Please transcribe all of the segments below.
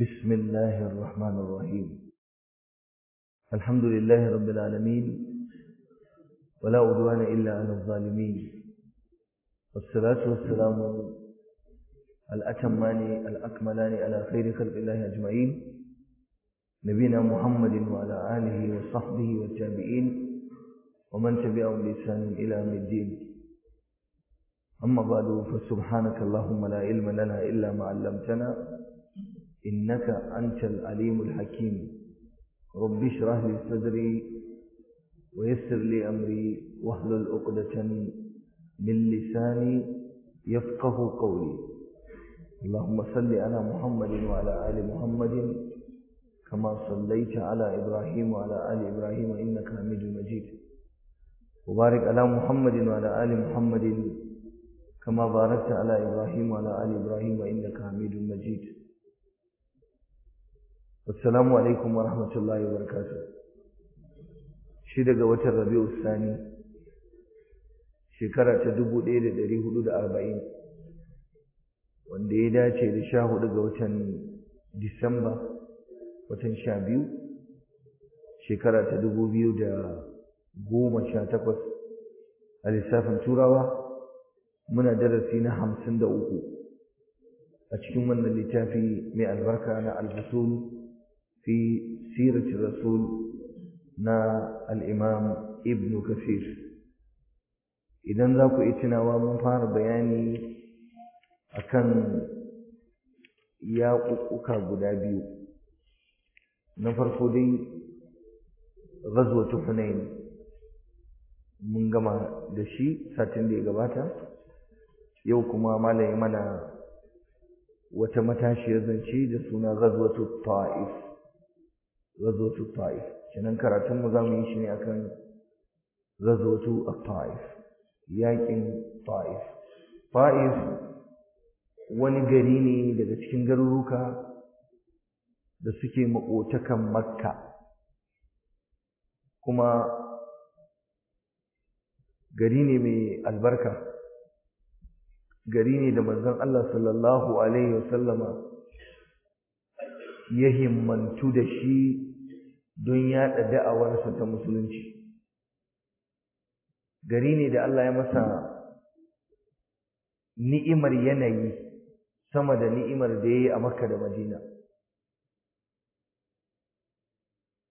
بسم الله الرحمن الرحيم الحمد لله رب العالمين ولا عدوان إلا على الظالمين والصلاة والسلام الأتمان الأكملان على خير خلق الله أجمعين نبينا محمد وعلى آله وصحبه والتابعين ومن تبعهم بإحسان إلى يوم الدين أما بعد فسبحانك اللهم لا علم لنا إلا ما علمتنا إنك أنت العليم الحكيم رب اشرح لي صدري ويسر لي أمري واحلل عقدة من لساني يفقه قولي اللهم صل على محمد وعلى آل محمد كما صليت على إبراهيم وعلى آل إبراهيم إنك حميد مجيد وبارك على محمد وعلى آل محمد كما باركت على إبراهيم وعلى آل إبراهيم إنك حميد مجيد assalamu alaikum wa rahmatullahi wa barakatuh shi daga watan rabi'u sani shekara ta arba'in, wanda ya dace da sha hudu ga watan disamba watan sha biyu shekara ta dubu biyu da goma sha takwas a lissafin turawa muna darasi na hamsin da uku a cikin wannan littafi mai albarka na alfasolu في سيرة الرسول نا الإمام ابن كثير إذن ذاك إتناوى مفار بياني أكن يا guda biyu, na دي غزوة حنين mun gama da shi satin da ya gabata yau kuma malami mana wata matashiyar zance da suna ghazwatu ta'if غزوة الطائف kenan karatun mu zamu yi shi ne akan غزوة الطائف yakin طائف طائف wani gari ne daga cikin garuruka da suke makotakan makka kuma gari ne mai albarka gari ne da manzon Allah sallallahu alaihi wasallama ya himmantu da shi don yaɗa da'awarsa ta musulunci gari ne da Allah ya masa ni'imar yanayi sama da ni'imar da ya yi a makka da madina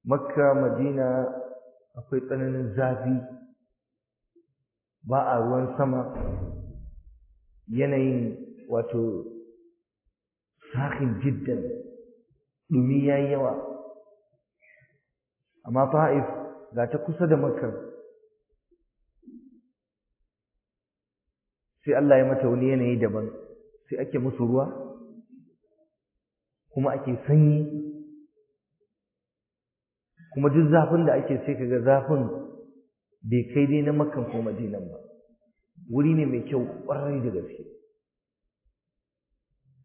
makka madina akwai tsananin zafi ba a ruwan sama yanayin wato sakin jiddan ɗumi ya yi yawa amma fa’if ga ta kusa da makar sai Allah ya mata wani yanayi daban sai ake musu ruwa kuma ake sanyi kuma duk zafin da ake sai kaga zafin bai kai dai na makkan ko madinan ba wuri ne mai kyau ƙwarai da gaske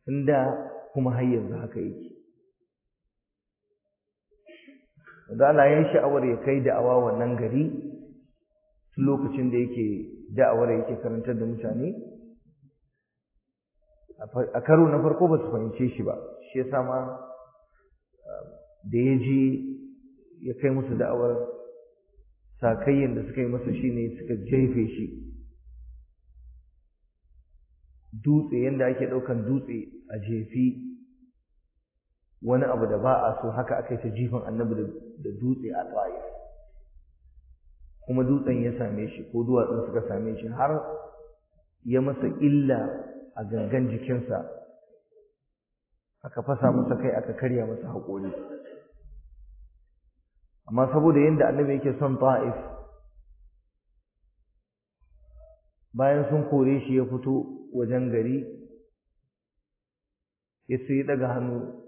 inda kuma har yanzu haka yake da Allah ya sha'awar ya kai da'awa wannan gari lokacin da yake da'awar yake karantar da mutane a karo na farko ba su fahimce shi ba shi yasa ma um, da ya ji ya kai musu da'awar sakayyan da suka yi masa ne suka jefe shi dutse yadda ake ɗaukan dutse a jefi wani abu da ba a so haka aka yi ta jifin annabi da dutse a tsaye kuma dutsen ya same shi ko duwatsun suka same shi har ya masa illa a gangan jikinsa aka fasa masa kai aka karya masa haƙori amma saboda yadda annabi yake son ta'if bayan sun kore shi ya fito wajen gari ya sai ɗaga hannu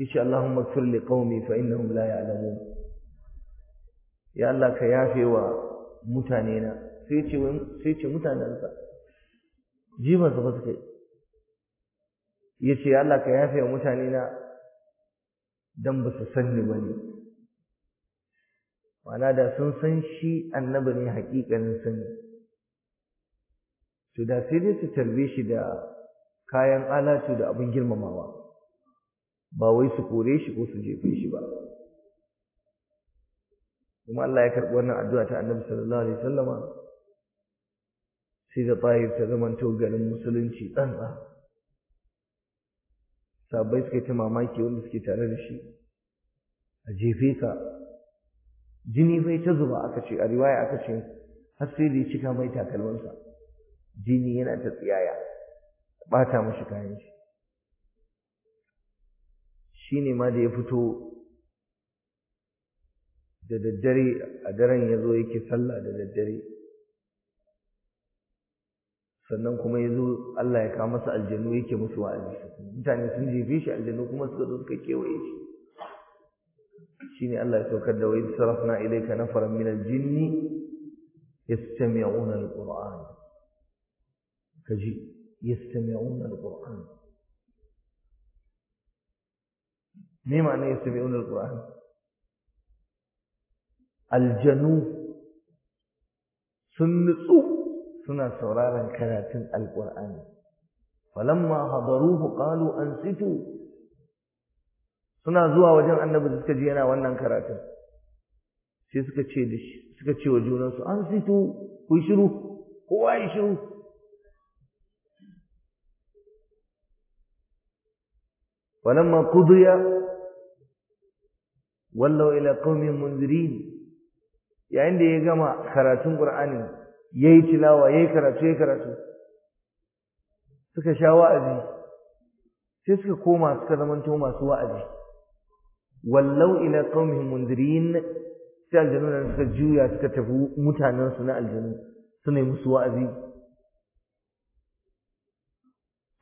yace Allahumma ighfir li qaumi fa innahum la ya'lamun ya Allah ka yafe wa mutane na sai ce sai ce mutanen sa jiban sa suka yace ya Allah ka yafe wa mutane na dan ba su sanni bane wala da sun san shi annabi ne hakikanin sani to da sai dai su tarbe shi da kayan alatu da abin girmamawa ba wai su kore shi ko su jefe shi ba kuma Allah ya karɓi wannan addu'a ta Annabi sallallahu alaihi wasallam sai da Tahir ta zaman to garin musulunci tsantsa sabai suka yi ta mamaki wanda suke tare da shi a jefe ka jini bai ta zuba aka ce a riwaya aka ce har sai da ya cika mai takalmansa jini yana ta tsiyaya ɓata mashi kayan shi shine ma da ya fito da daddare a daren ya zo yake sallah da daddare sannan kuma ya zo Allah ya kawo masa aljanu yake musu wa'azi mutane sun jefe shi aljanu kuma suka zo suka kewaye shi shine Allah ya saukar da wa'id sarafna ilayka nafaran min aljinni yastami'una alquran kaji yastami'una alquran me ma'ana quran al aljanu sun nutsu suna sauraron karatun al-Qur'an falamma hadaruhu qalu ansitu suna zuwa wajen annabi suka ji yana wannan karatun sai suka ce suka ce wa junansu ansitu ku shiru kowa yi shiru ولما قضي wallau ila qaumin munzirin yayin da ya gama karatun qur'ani yayi tilawa yayi karatu yayi karatu suka sha wa'azi sai suka koma suka zamanto masu wa'azi wallau ila qaumin munzirin sai aljanu suka juya suka tafi mutanen su na aljanu suna yi musu wa'azi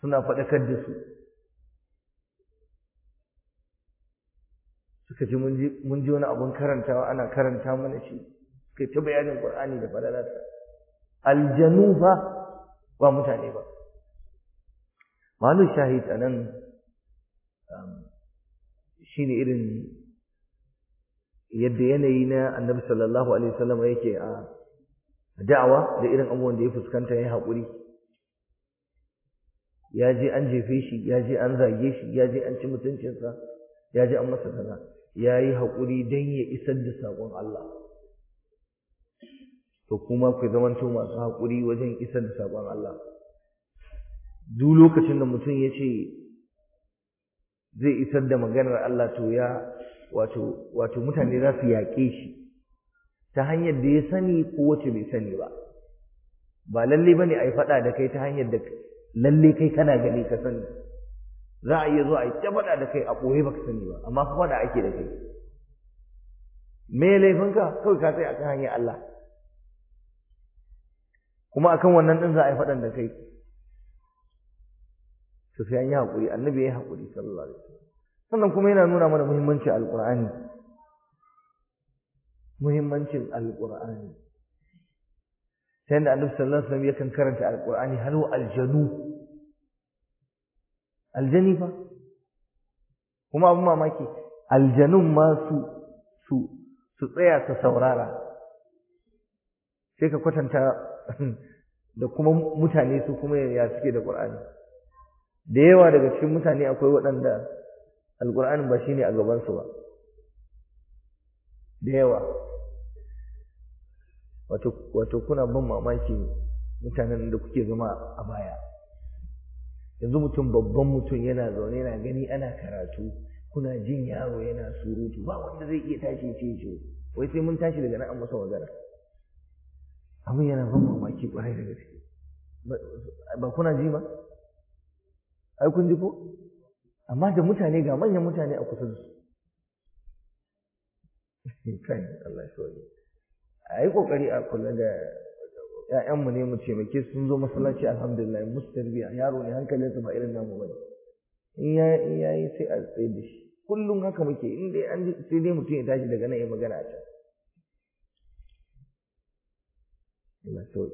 suna faɗakar da su suka ce mun ji wani abun karantawa ana karanta mana shi suka ta bayanin qur'ani da falalarsa aljanu ba, ba mutane ba malu shahid anan um, shine irin yadda yanayi na annabi sallallahu alaihi wasallam yake a da'awa da irin abubuwan da ya fuskanta ya haƙuri ya je an jefe shi ya je an zage shi ya je an ci mutuncinsa ya je an masa kaza ya yi haƙuri don ya isar da saƙon Allah to kuma ku zamanto masu haƙuri wajen isar da saƙon Allah duk lokacin da mutum ya ce zai isar da maganar Allah to ya wato mutane za su yaƙe shi ta hanyar da ya sani ko wacce bai sani ba ba lalle ba ne a yi faɗa da kai ta hanyar da lalle kai kana gani ka sani za a iya zuwa a yi ta faɗa da kai a ɓoye baka sani ba amma fa faɗa ake da kai me laifinka kawai ka a akan hanyar Allah kuma akan wannan din za a yi faɗan da kai to ya yi haƙuri annabi ya yi haƙuri sallallahu alaihi wasallam sannan kuma yana nuna mana muhimmancin alƙur'ani muhimmancin alƙur'ani sai da annabi sallallahu alaihi wasallam yakan karanta alƙur'ani har aljanu aljani ba kuma abin mamaki aljanun ma su su su tsaya su saurara sai ka kwatanta da kuma mutane su kuma ya suke da ƙur'ani. da yawa daga cikin mutane akwai waɗanda alƙur'anin ba shi ne a gabansu ba da yawa wato kuna ban mamaki mutanen da kuke zama a baya yanzu mutum babban mutum yana zaune yana gani ana karatu kuna jin yaro yana surutu ba wanda zai iya tashi ce ce wai sai mun tashi daga nan masa magana abin yana ban mamaki kwarai da gaske ba kuna ji ba ai kun ji ko amma da mutane ga manyan mutane a kusa su kai Allah ya sauke ni. yi kokari a kula da ‘ya'yanmu ne mu taimake sun zo masallaci alhamdulillah musu tarbiyya yaro ne hankalinsa ba irin namu bane in ya in ya yi sai a tsaye da shi kullum haka muke in dai an sai dai mutum ya tashi daga nan ya magana a can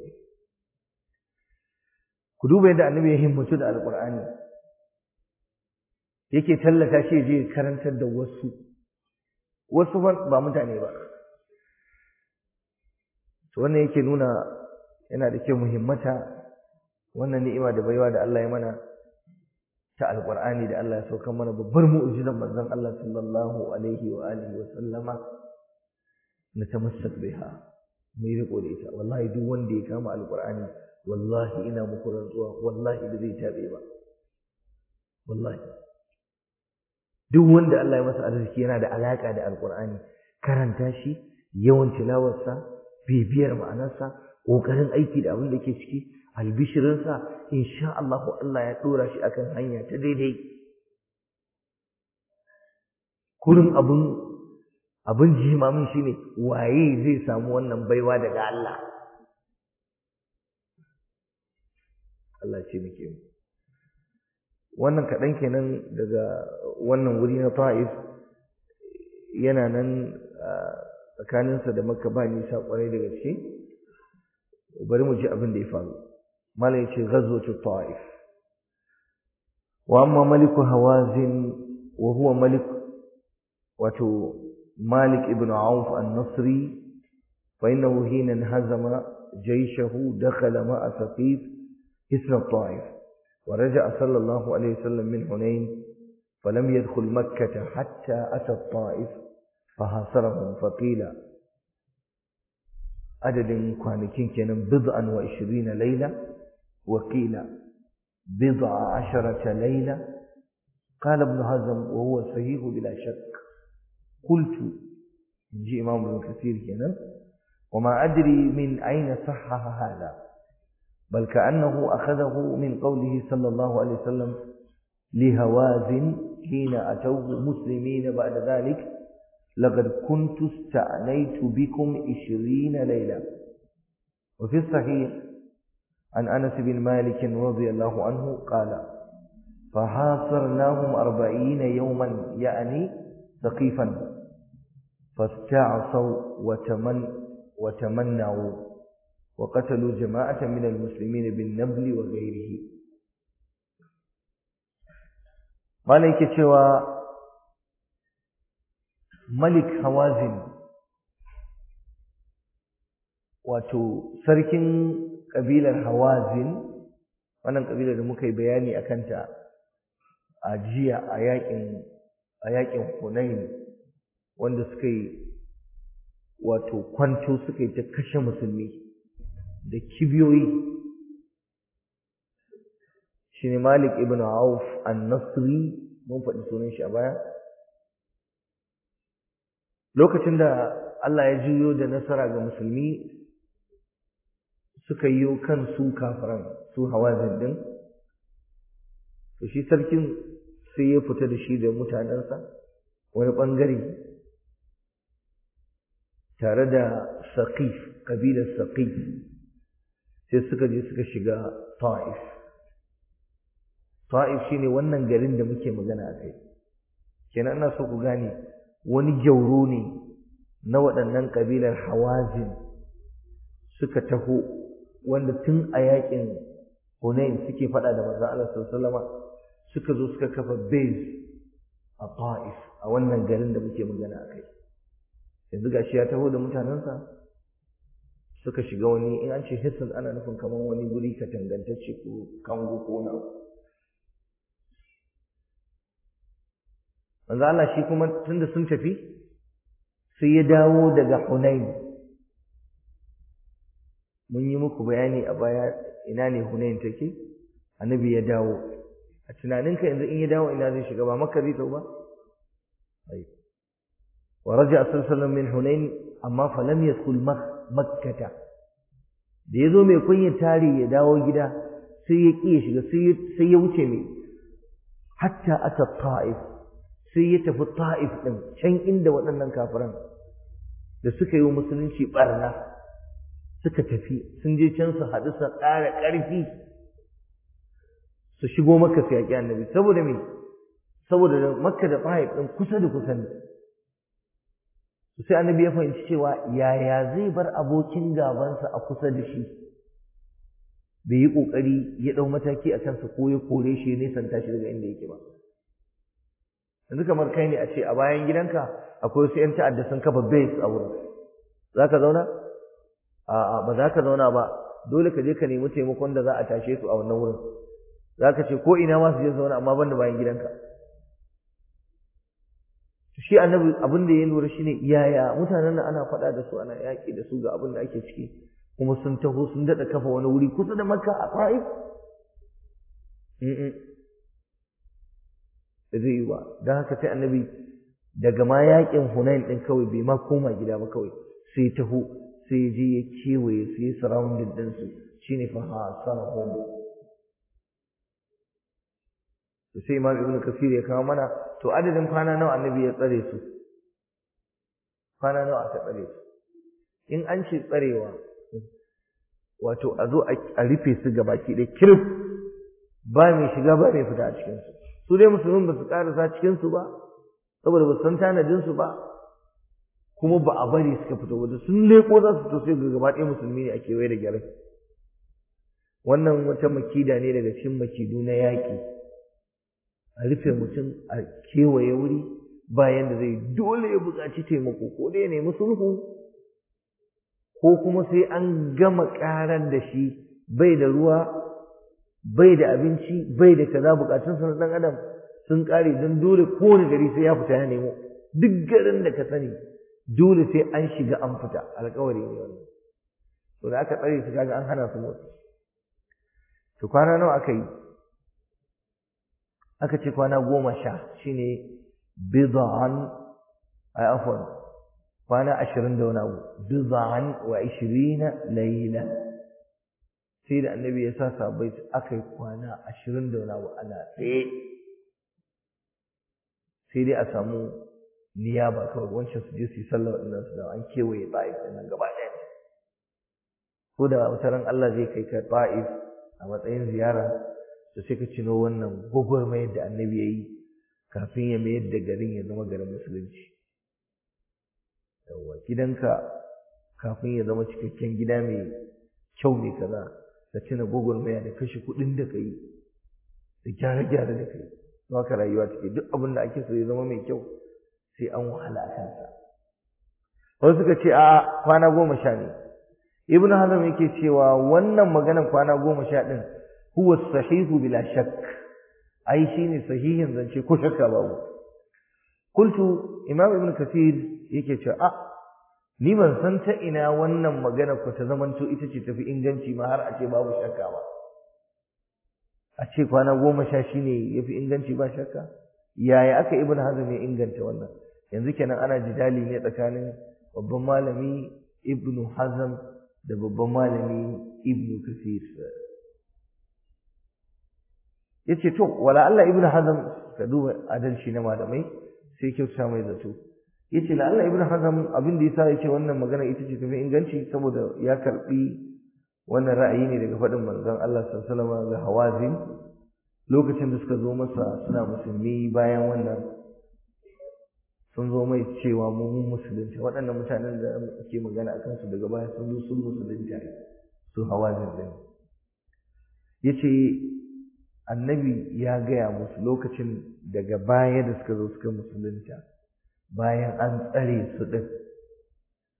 ku duba yadda annabi ya himmatu da alqur'ani yake tallata shi je karantar da wasu wasu ba mutane ba wannan yake nuna yana da kyau muhimmata wannan ni'ima da baiwa da Allah ya mana ta alqur'ani da Allah ya sauka mana babbar mu'jizan manzon Allah sallallahu alaihi wa alihi wa sallama na tamassak biha mai riko da ita wallahi duk wanda ya kama alqur'ani wallahi ina muku rantsuwa wallahi da zai tabe ba wallahi duk wanda Allah ya masa arziki yana da alaka da alqur'ani karanta shi yawan tilawarsa bibiyar ma'anarsa ƙoƙarin aiki da abin da ke ciki albishirinsa insha Allahu Allah ya ɗora shi akan hanya ta daidai kurin abin abin jimamin ne waye zai samu wannan baiwa daga Allah Allah ce muke wannan kaɗan kenan daga wannan wuri na ta'if yana nan ah, tsakaninsa da makka ba nisa ƙwarai daga gaske bari mu ji abin da ya faru mala ya ce ghazwatu ta'if wa amma maliku hawazin wa huwa malik wato malik ibn auf an-nasri fa innahu hina hazama jayshahu dakhala ma'a saqif isra ta'if ورجع صلى الله عليه وسلم من حنين فلم يدخل مكة حتى أتى الطائف فهاصرهم فقيل عدد kwanakin كان بضعا وعشرين ليلة وقيل بضع عشرة ليلة قال ابن هزم وهو صحيح بلا شك قلت جي إمام ابن كثير هنا وما أدري من أين صحح هذا بل كأنه أخذه من قوله صلى الله عليه وسلم لهوازن حين أتوه مسلمين بعد ذلك لقد كنت استعنيت بكم عشرين ليلة وفي الصحيح عن أنس بن مالك رضي الله عنه قال فحاصرناهم أربعين يوما يعني ثقيفا فاستعصوا وتمن وتمنعوا وقتلوا جماعة من المسلمين بالنبل وغيره مالك شوى malik hawazin wato sarkin kabilar hawazin wannan ƙabilar da muka yi bayani a kanta a jiya a yakin a wanda suka yi wato kwanto suka yi ta kashe musulmi da kibiyoyi shine malik ibn auf an-nasri mun faɗi sunan shi a baya lokacin da Allah ya juyo da nasara ga musulmi suka yi kan su kafiran su hawa din to shi sarkin sai ya fita da shi da mutanensa wani ɓangare, tare da saqif kabilar saqif sai suka je suka shiga ta'if ta'if shine wannan garin da muke magana a kai kenan ina so ku gane wani gyauro ne na waɗannan ƙabilar hawazin suka taho wanda tun a yaƙin hunayin suke faɗa da maza Allah sallallahu suka zo suka kafa base a Ta'if a wannan garin da muke magana a kai yanzu gashi ya taho da mutanensa suka shiga wani in an ce hisan ana nufin kamar wani guri katangantacce ko kango ko na manzo Allah shi kuma tunda sun tafi sai ya dawo daga Hunain mun yi muku bayani a baya ina ne Hunain take annabi ya dawo a tunaninka yanzu in ya dawo ina zai shiga ba makka zai tauba wa raja sallallahu min Hunain amma fa lam yadkhul makkata da yazo mai kunya tare ya dawo gida sai ya kiye shiga sai ya wuce mai hatta ata ta'if sai ya tafi ta'if ɗin can inda waɗannan kafiran da suka yi wa musulunci ɓarna suka tafi sun je can su haɗu su ƙara ƙarfi su shigo maka su yaƙi annabi saboda me saboda makka da ta'if ɗin kusa da kusa ne sai annabi ya fahimci cewa yaya zai bar abokin gabansa a kusa da shi bai yi ƙoƙari ya ɗau mataki a kansa ko ya kore shi ya nesanta shi daga inda yake ba yanzu kamar kai ne a ce a bayan gidanka akwai wasu 'yan ta'adda sun kafa base a wurin za ka zauna a'a ba za ka zauna ba dole ka je ka nemi taimakon da za a tashe su a wannan wurin za ka ce ko ina ma su je zauna amma ban da bayan gidanka shi annabi abin da ya lura shine yaya mutanen nan ana faɗa da su ana yaƙi da su ga abin da ake ciki kuma sun taho sun daɗa kafa wani wuri kusa da makka a fa'i da zai yi ba don haka sai annabi daga ma yakin hunain din kawai bai ma koma gida ba kawai sai taho sai je ya kewaye su yi surrounding din su shine fa hasarhum to sai imam ibnu kasir ya kawo mana to adadin kwana nawa annabi ya tsare su kwana nawa aka tsare su in an ce tsarewa wato a zo a rufe su gabaki da kirif ba mai shiga ba mai fita a cikinsu su dai musulmin ba su karasa cikinsu ba saboda ba san tanadinsu ba kuma ba a bari suka fito ba sun leko za su tosai ga gaba ɗaya musulmi ne a kewaye da gyaran wannan wata makida ne daga cikin makidu na yaƙi a rufe mutum a kewaye wuri bayan da zai dole ya buƙaci taimako ko dai nemi sulhu ko kuma sai an gama ƙaran da shi bai da ruwa bai da abinci bai da kaza bukatun sa dan adam sun kare dan dole kowane gari sai ya fita ya nemo duk garin da ka sani dole sai an shiga an fita alƙawari ne wannan to da aka tsare su kaga an hana su motsi to kwana nawa aka yi aka ce kwana goma sha shine bid'an ay afwan kwana ashirin da wani abu bid'an wa ishirina layla sai da annabi ya sa sabai aka yi kwana ashirin da wani abu ana tsaye sai dai a samu ba kawai wancan su je su yi sallar waɗannan su da an kewaye ta'if ɗin nan gaba ɗaya ko da wata ran Allah zai kai ka ta'if a matsayin ziyara da sai ka cino wannan gwagwarmayar da annabi ya yi kafin ya mayar da garin ya zama garin musulunci yawwa gidanka kafin ya zama cikakken gida mai kyau mai kaza da tuna gwagwarmaya da kashe kuɗin da ka yi da gyara-gyara da ka yi don haka rayuwa take duk abin da ake so ya zama mai kyau sai an wahala a kansa wasu suka ce a kwana goma sha ne ibn hazam yake cewa wannan maganar kwana goma sha ɗin huwa sahihu bila shak. ai ne sahihin zance ko shakka babu kultu imam ibn kasir yake cewa a ni ban san ta ina wannan magana ku ta zamanto ita ce tafi inganci ma har a ce babu shakka ba a ce kwana goma sha shi ne ya fi inganci ba shakka yaya aka ibn hazm ya inganta wannan yanzu kenan ana jidali ne tsakanin babban malami ibn hazm da babban malami ibn kasir yace to wala Allah ibn hazm ka duba adalci na malamai sai kyauta mai zato yace la Allah ibnu hazm abin da yasa yace wannan magana ita ce tafi inganci saboda ya karbi wannan ra'ayi ne daga faɗin manzon Allah sallallahu alaihi wasallam ga hawazin lokacin da suka zo masa suna musulmi bayan wannan sun zo mai cewa mu mun musulunci waɗannan mutanen da ake magana a kansu daga baya sun zo sun musulunci su hawa din ya annabi ya gaya musu lokacin daga baya da suka zo suka musulunta bayan an tsare su ɗin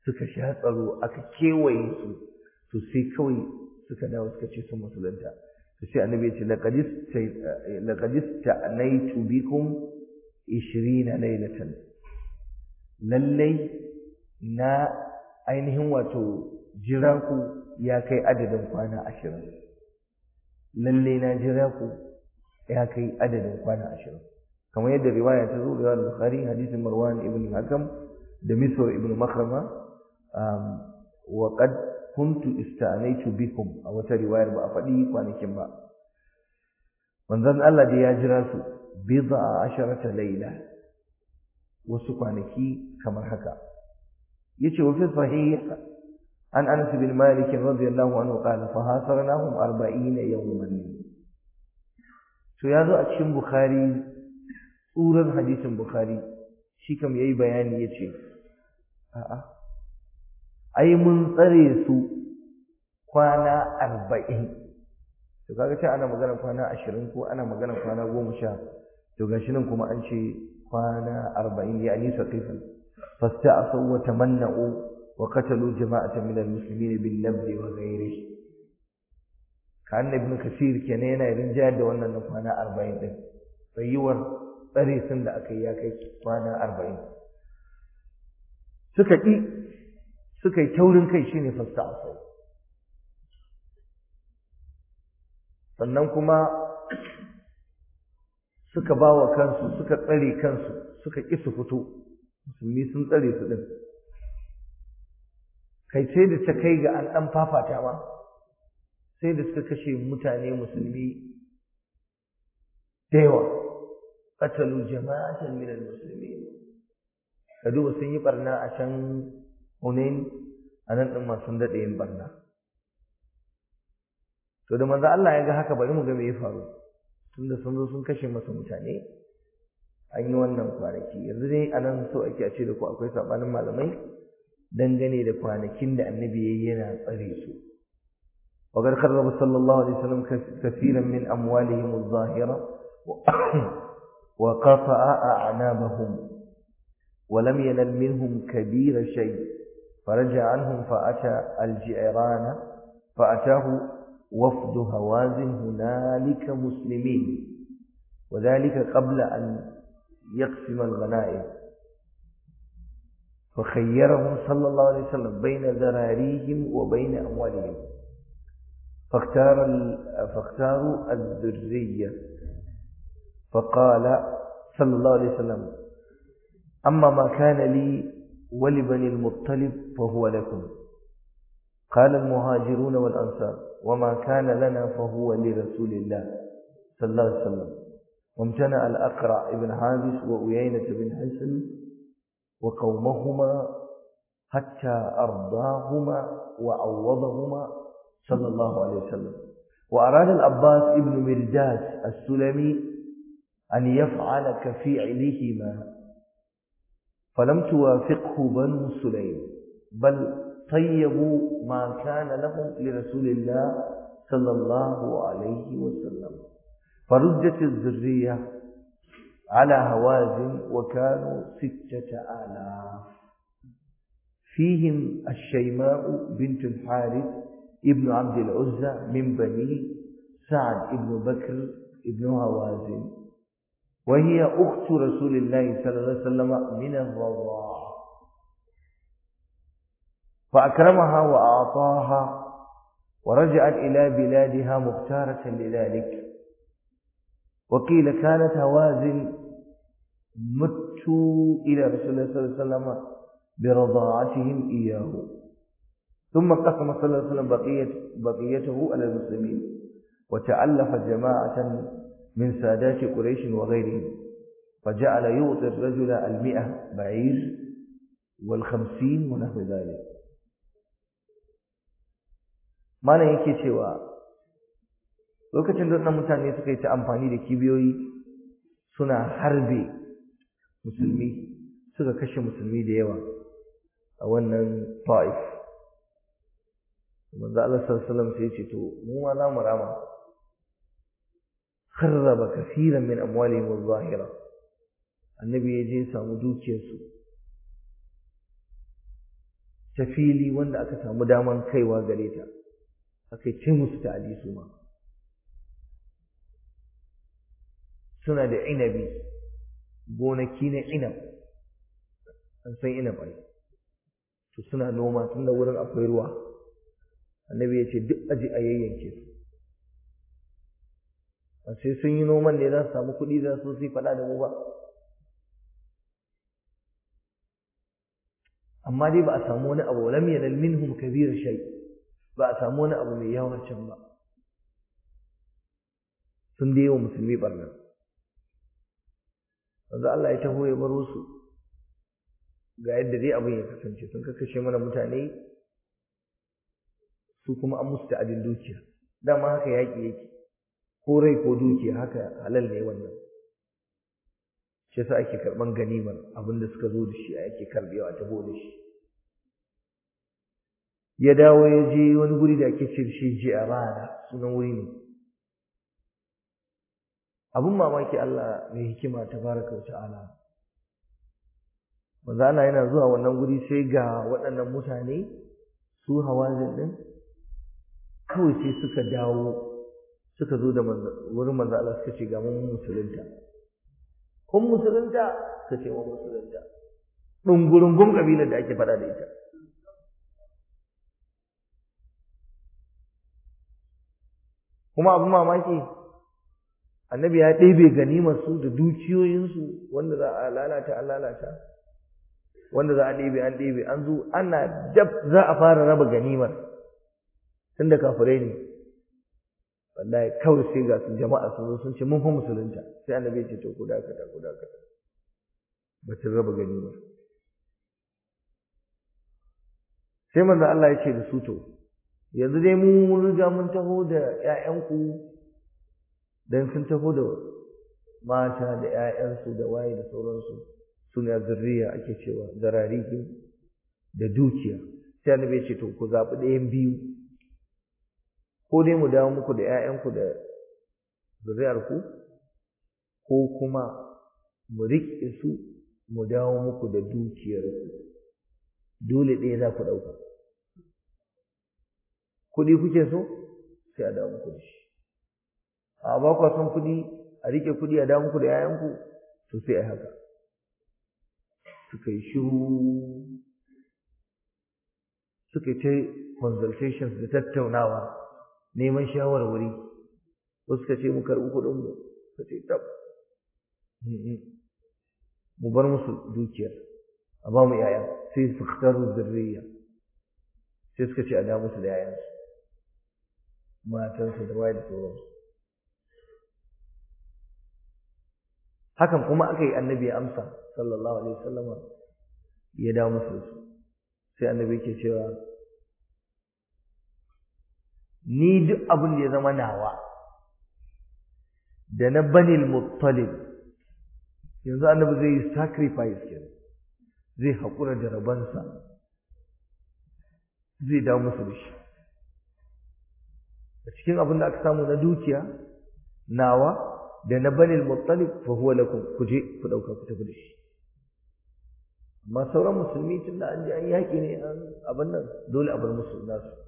suka sha tsaro aka kewaye su to sai kawai suka dawo suka ce sun musulunta to sai annabi ya ce laqadis anaitu bikum 20 laylatan lallai na ainihin wato jira ku ya kai adadin kwana ashirin lallai na jira ku ya kai adadin kwana ashirin kamar yadda riwaya ta zo riwayar bukhari hadisin marwan ibn hakam da misr ibn makhrama um, wa qad kuntu istanaitu bikum a wata riwayar ba a faɗi kwanakin ba manzon Allah da ya jira su a asharata layla wasu kwanaki kamar haka yace wa fi sahih an Anas bin Malik radiyallahu anhu qala fa hasarnahum 40 yawman to zo a cikin bukhari tsurar hadisin bukhari shi kam ya yi bayani ya ce. a'a ai mun tsare su kwana arba'in to kaga ce ana magana kwana ashirin ko ana magana kwana goma sha to gashi nan kuma an ce kwana arba'in ya ni a fasta'asu wa tamanna'u wa qatalu jama'a min musulmi ne bin nabd wa ghayrihi ka annabi kasir kenan yana rinjayar da wannan na kwana arba'in din tsayuwar tsare sun da aka yi ya kai kwana arba'in suka ƙi suka yi taurin kai shine fasta asau sannan kuma suka ba wa kansu suka tsare kansu suka ƙi su fito musulmi sun tsare su ɗin kai sai da ta kai ga an ɗan fafata ma sai da suka kashe mutane musulmi da yawa Katalu jama'atan min al-muslimin ka sun yi barna a can Hunain a nan ɗin ma sun daɗe yin barna to da manzo Allah ya ga haka bari mu ga me ya faru tunda sun zo sun kashe masa mutane an yi wannan kwanaki yanzu dai a nan so ake a ce da ku akwai sabanin malamai dangane da kwanakin da annabi ya yana tsare su وقد قرب صلى الله عليه وسلم كثيرا من أموالهم الظاهرة وقطع أعنابهم ولم ينل منهم كبير شيء فرجع عنهم فأتى الجئران فأتاه وفد هوازن هنالك مسلمين وذلك قبل أن يقسم الغنائم فخيرهم صلى الله عليه وسلم بين ذراريهم وبين أموالهم فاختار فاختاروا الذرية فقال صلى الله عليه وسلم أما ما كان لي ولبني المطلب فهو لكم قال المهاجرون والأنصار وما كان لنا فهو لرسول الله صلى الله عليه وسلم وامتنع الأقرع ابن حابس وأيينة بن حسن وقومهما حتى أرضاهما وعوضهما صلى الله عليه وسلم وأراد العباس ابن مرداس السلمي أن يفعل كفعلهما فلم توافقه بنو سليم بل طيبوا ما كان لهم لرسول الله صلى الله عليه وسلم فردت الذرية على هوازن وكانوا ستة آلاف فيهم الشيماء بنت الحارث ابن عبد العزى من بني سعد ابن بكر ابن هوازن وهي أخت رسول الله صلى الله عليه وسلم من الرضاعة فأكرمها وأعطاها ورجعت إلى بلادها مختارة لذلك وقيل كانت هوازن متوا إلى رسول الله صلى الله عليه وسلم برضاعتهم إياه ثم قسم صلى الله عليه وسلم بقيته على المسلمين وتألف جماعة من سادات قريش وغيرهم فجعل يعطي الرجل المئة بعير والخمسين ونحو ذلك ما لا yake cewa lokacin da wannan mutane suka yi ta amfani da kibiyoyi suna harbe musulmi suka kashe musulmi da yawa a wannan ta'if manzo Allah sallallahu alaihi wasallam sai ya ce to mu ma za mu rama kharraba kaseeran min amwalihim adh-dhahira annabi ya je samu dukiyarsu ta fili wanda aka samu daman kaiwa gareta, ta aka ce musu ta su ma suna da inabi gonaki na inab an san inab to suna noma tunda wurin akwai ruwa annabi ya ce duk aji a yayyanke sai sun yi noman ne za su samu kuɗi za su yi faɗa da mu ba amma dai ba a samu wani abu lam yanal minhum kabir shay ba a samu wani abu mai yawan can ba sun dai wa musulmi barna yanzu Allah ya taho ya baro su ga yadda dai abin ya kasance sun kakkashe mana mutane su kuma an musu ta'adin dukiya dama haka yaƙi yake ko rai ko dukiya haka halal ne wannan shi yasa ake karban ganimar abin da suka zo da shi ake karbewa ta da shi ya dawo ya je wani guri da ake cin shi ji a rana sunan wuri ne abin mamaki Allah mai hikima ta baraka wata ala wanda ana yana zuwa wannan guri sai ga waɗannan mutane su hawazin din kawai sai suka dawo suka zo da wurin manzo Allah suka ce ga mun musulunta kun musulunta suka ce mun musulunta dungurungun kabilar da ake fada da ita kuma abin mamaki annabi ya ɗebe ganimar su da dukiyoyinsu wanda za a lalata an lalata wanda za a ɗebe an ɗebe an zo ana dab za a fara raba ganimar tunda kafirai ne wallahi kawai sai ga su jama'a sun zo sun ce mun fa musulunta sai annabi ya ce to ku dakata ku ba ta raba gani ba sai manzo Allah ya ce da su to yanzu dai mu mun riga mun taho da 'ya'yanku dan sun taho da mata da 'ya'yansu da waye da sauransu suna zurriya ake cewa zarari da dukiya sai annabi ya ce to ku zaɓi ɗayan biyu ko dai mu dawo muku da 'ya'yanku da zuri'arku ko kuma mu riƙe su mu dawo muku da dukiyarku dole ɗaya za ku ɗauka kuɗi kuke so sai a dawo muku da shi a ba ku son kuɗi a riƙe kuɗi a dawo muku da 'ya'yanku to sai a haka suka yi shiru suka yi ta consultations da tattaunawa neman shawarwari wasu ka ce mu karɓi kuɗin mu ka ce tab mu bar musu dukiyar a ba mu yaya sai su fitar zirriya sai suka ce a da musu da yayansu matansu da waye da sauran hakan kuma aka yi annabi amsa sallallahu alaihi wasallama ya damu musu sai annabi ke cewa ni duk abin da ya zama nawa da na banil muttalib yanzu annabi zai yi sacrifice kenan zai haƙura da rabansa zai dawo musu da shi a cikin abin da aka samu na dukiya nawa da na banil muttalib fa huwa lakum ku je ku dauka ku tafi da shi amma sauran musulmi tun da an yi an yaƙi ne abin nan dole a bar musu nasu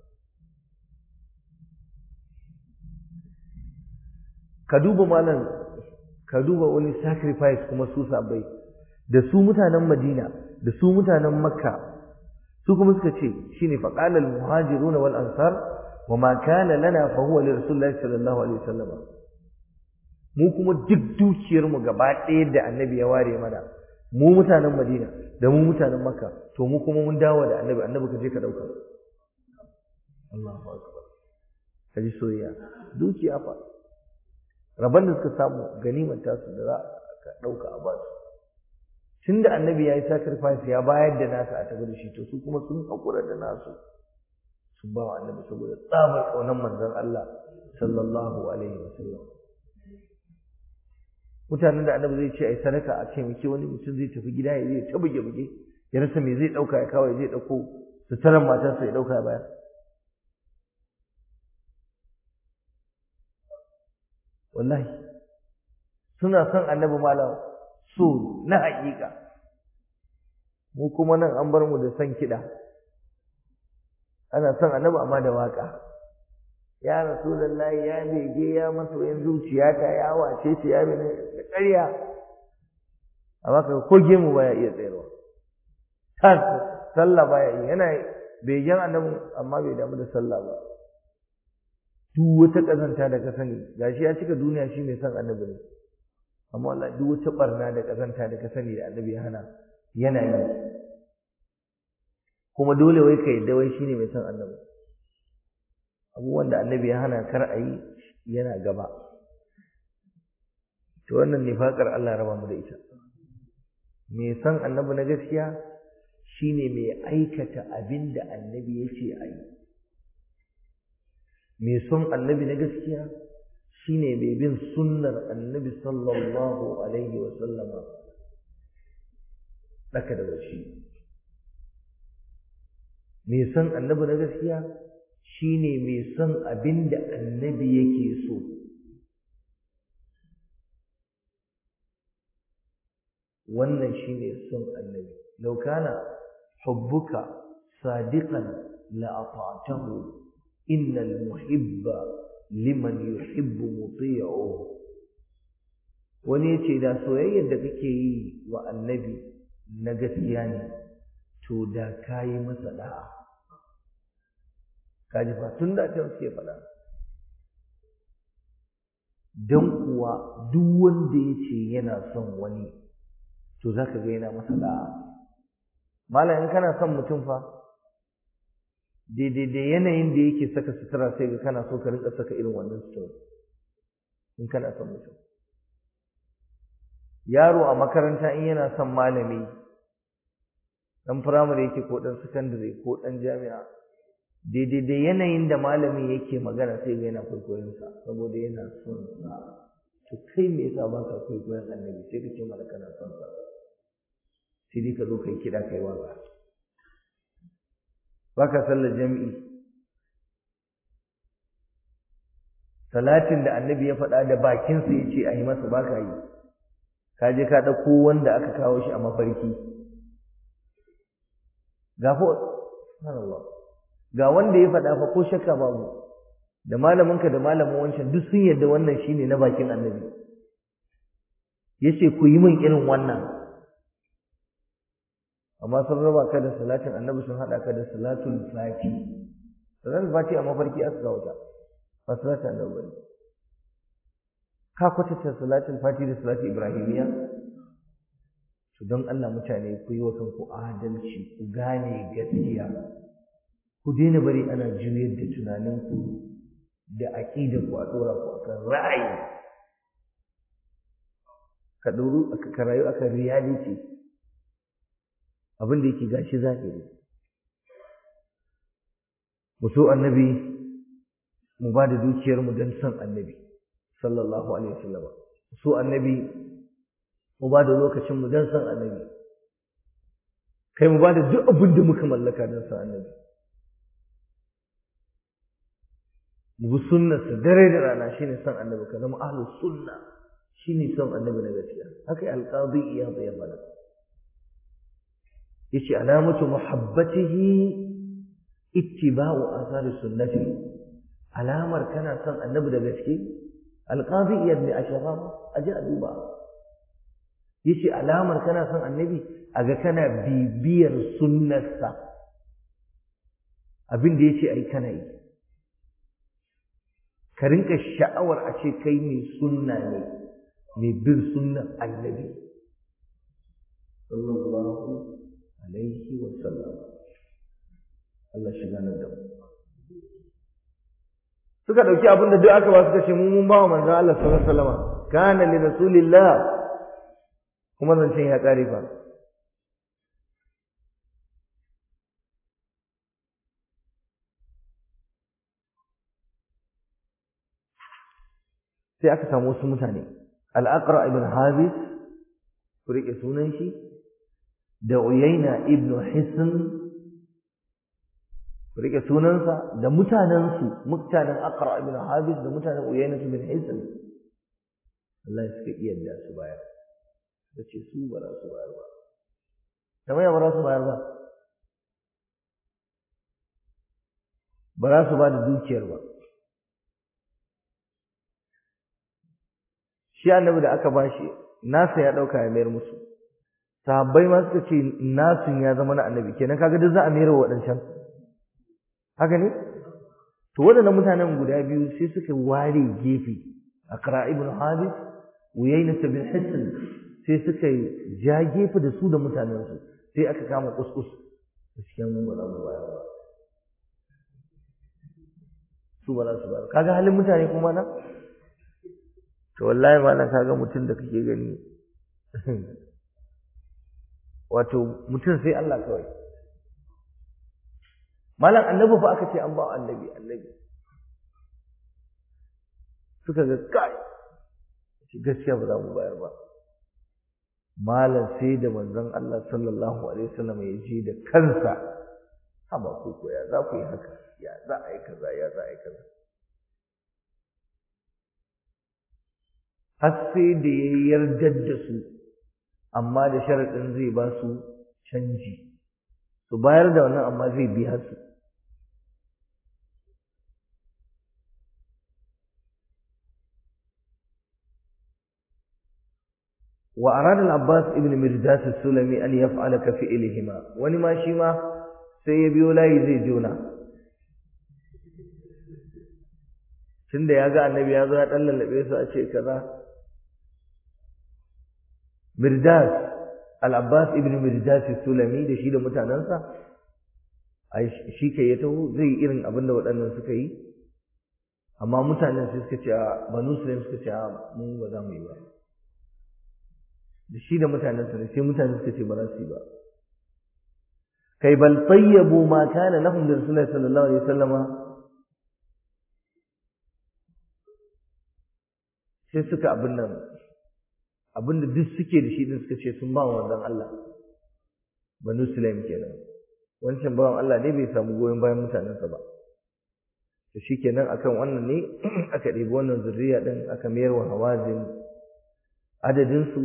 ka duba malam ka duba wani sacrifice kuma su sabai da su mutanen madina da su mutanen makka su kuma suka ce shine fa qala al muhajirun wal ansar wa ma kana lana fa huwa li rasulillahi sallallahu alaihi wasallam mu kuma duk dukiyar mu gaba ɗaya da annabi ya ware mana mu mutanen madina da mu mutanen makka to mu kuma mun dawo da annabi annabi ka je ka dauka Allahu akbar kaji soyayya dukiya fa rabon da suka samu ganimar tasu da za a ɗauka a basu tun da annabi ya yi sacrifice ya bayar da nasa a tafi da shi to su kuma sun haƙura da nasu sun ba wa annabi saboda tsamar ƙaunar manzon Allah sallallahu alaihi wasallam mutanen da annabi zai ce yi sadaka a taimaki wani mutum zai tafi gida ya je ta buge buge ya rasa me zai ɗauka ya kawai zai ɗauko suturan matarsa ya ɗauka ya bayar wallahi suna son annabi malam so na haƙiƙa mu kuma nan an bar mu da san kiɗa ana son annabi amma da waƙa ya rasulullahi ya bege ya masoyin ta ya wace shi ya mene da ƙarya amma ka ko gemu baya iya tsayarwa sallah ya yi yana begen annabi amma bai damu da sallah ba duk wata ƙazanta da ka sani gashi ya cika duniya shi mai son annabi ne amma Allah duk wata barna da ƙazanta da ka sani da annabi ya hana yana yi kuma dole wai ka yadda wai shine mai son annabi abubuwan da annabi ya hana kar a yi yana gaba to wannan faƙar Allah raba mu da ita mai son annabi na gaskiya shine mai aikata abin da annabi ya ce a yi mai son annabi na gaskiya ne mai bin sunnar annabi sallallahu alaihi wa sallama daka da washi mai son annabi na gaskiya ne mai son abin da annabi yake so wannan shine son annabi laukana hubbuka sadiqan La'afatahu. innal المحب liman yuhibbu muti'u wani yace da soyayyar da kake yi wa annabi na gaskiya ne to da kayi masa da'a kaji fa tun da ta suke faɗa Dan kuwa duk wanda yace yana son wani to zaka ga yana masa da'a malam in kana son mutum fa daidai da yanayin da yake saka sutura sai ga kana so ka rinka saka irin wannan sutura in kana son mutum yaro a makaranta in yana son malami dan firamare yake ko dan sakandare ko dan jami'a daidai da yanayin da malami yake magana sai ga yana kwaikwayon sa saboda yana son sa to kai me yasa ba ka kwaikwayon annabi sai ce mana kana son sa sai dai ka zo kai kida kai waka baka sallar jami'i salatin da annabi ya faɗa da bakinsa ya ce a yi masa baka yi ka je ka ɗauko wanda aka kawo shi a mafarki ga ga wanda ya faɗa fa ko shakka babu da ka da malamin wancan duk sun yarda wannan shine na bakin annabi yace ku yi min irin wannan amma sun raba ka da salatin annabi sun haɗa ka da salatul fati salatul fati a mafarki aka ga wata ba salatin annabi bane ka kwatanta salatin fati da salatin ibrahimiya to don Allah mutane ku yi wa kanku adalci ku gane gaskiya ku daina bari ana juyar da tunaninku da aƙidar ku a ɗora ku akan ra'ayi ka ɗoru ka rayu akan reality abin da yake gashi zahiri mu so annabi mu ba da dukiyar mu don son annabi sallallahu alaihi wasallam mu so annabi mu ba da lokacin mu don son annabi kai mu ba da duk abin da muka mallaka don son annabi mu bi sunnarsa dare da rana shine son annabi ka zama ahlus sunna shine son annabi na gaskiya haka alqadi iyad ya faɗa yace alamatu muhabbatihi ittiba'u athari sunnati alamar kana son annabi da gaske alqadi ibn ashraf aje a duba yace alamar kana son annabi ga kana bibiyar sunnarsa abin da yace ai kana yi ka rinka sha'awar a ce kai mai sunna ne mai bin sunnan annabi sallallahu alaihi wasallam alaihi wa Allah shi ganar da mu suka dauki abin da duk aka ba suka ce mu mun ba wa manzon Allah sallallahu alaihi wasallam kana li rasulillah kuma zan zancen ya kare fa sai aka samu wasu mutane al-aqra ibn habis ku rike sunan shi da Uyaina ibn Hisn rike sunansa da mutanensu mutanen Aqra ibn Habis da mutanen Uyaina ibn Hisn Allah suka iya da su bayar da ce su ba za su bayar ba da waya ba za su bayar ba ba za su ba da dukiyar ba shi annabi da aka bashi nasa ya dauka ya mayar musu sahabbai ma suka ce nasun ya zama na annabi kenan kaga duk za a mera waɗancan haka ne to waɗannan mutanen guda biyu sai suka ware gefe a kara ibn habib uyayna bin hisan sai suka ja gefe da su da mutanen su sai aka kama kuskus gaskiya mun ba za mu bayan ba su bala su ba kaga halin mutane kuma na to wallahi ma na kaga mutum da kake gani wato mutum sai Allah kawai malam annabi fa aka ce an ba annabi annabi suka ga kai gaskiya ba za mu bayar ba malam sai da manzon Allah sallallahu alaihi wasallam ya ji da kansa haba ku koya za ku yi haka ya za a yi kaza ya za a yi kaza har sai da ya yarda da su amma da sharaɗin zai ba su canji su bayar da wannan amma zai biya su wa arada al-abbas ibn mirdas sulami an yaf'ala ka fi'lihima wani ma shi ma sai ya biyo layi zai jona tunda ya ga annabi ya zo ya dan su a ce kaza mirdas al-abbas ibn mirdas sulami da shi da mutanansa. ai shi kai ya taho zai irin abin da waɗannan suka yi amma mutanen sai suka ce a banu sulaim suka ce a mu ba za mu yi ba da shi da mutanen sa sai mutanen suka ce ba za su yi ba kai bal tayyabu ma kana lahum da rasulullahi sallallahu alaihi wasallama sai suka abin nan abinda duk suke da shi din suka ce sun ba wa wannan Allah banu sulaim kenan wancan bawan Allah ne bai samu goyon bayan mutanensa ba to shikenan akan wannan ne aka ɗebi wannan zurriya din aka mayar wa hawazin adadin su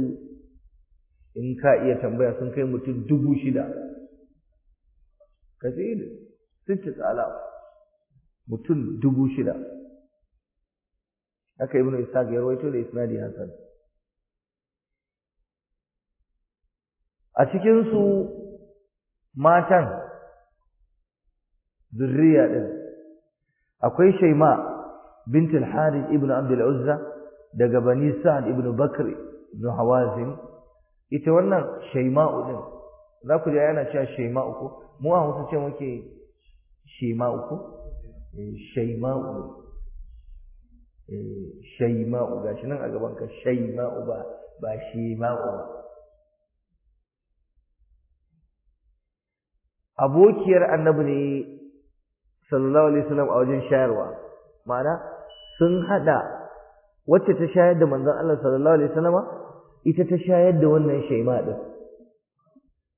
in ka iya tambaya sun kai mutum dubu shida kasir sitta tsala mutum dubu shida aka ibnu isa ya rawaito da isnadi hasan a cikinsu matan zurriya ɗin akwai shaima bint al-harith ibn abd al-uzza daga bani sa'ad ibn bakr ibn hawazin ita wannan shaima'u din za ku ji yana cewa shaima'u ko mu a wasu ce muke shaima'u ko eh, shaima'u eh, shaima'u gashi nan a gaban ka shaima'u ba ba shaima'u ba abokiyar annabi ne sallallahu alaihi wasallam a wajen shayarwa ma'ana sun hada wacce ta shayar da manzon Allah sallallahu alaihi wasallama ita ta shayar da wannan shaima din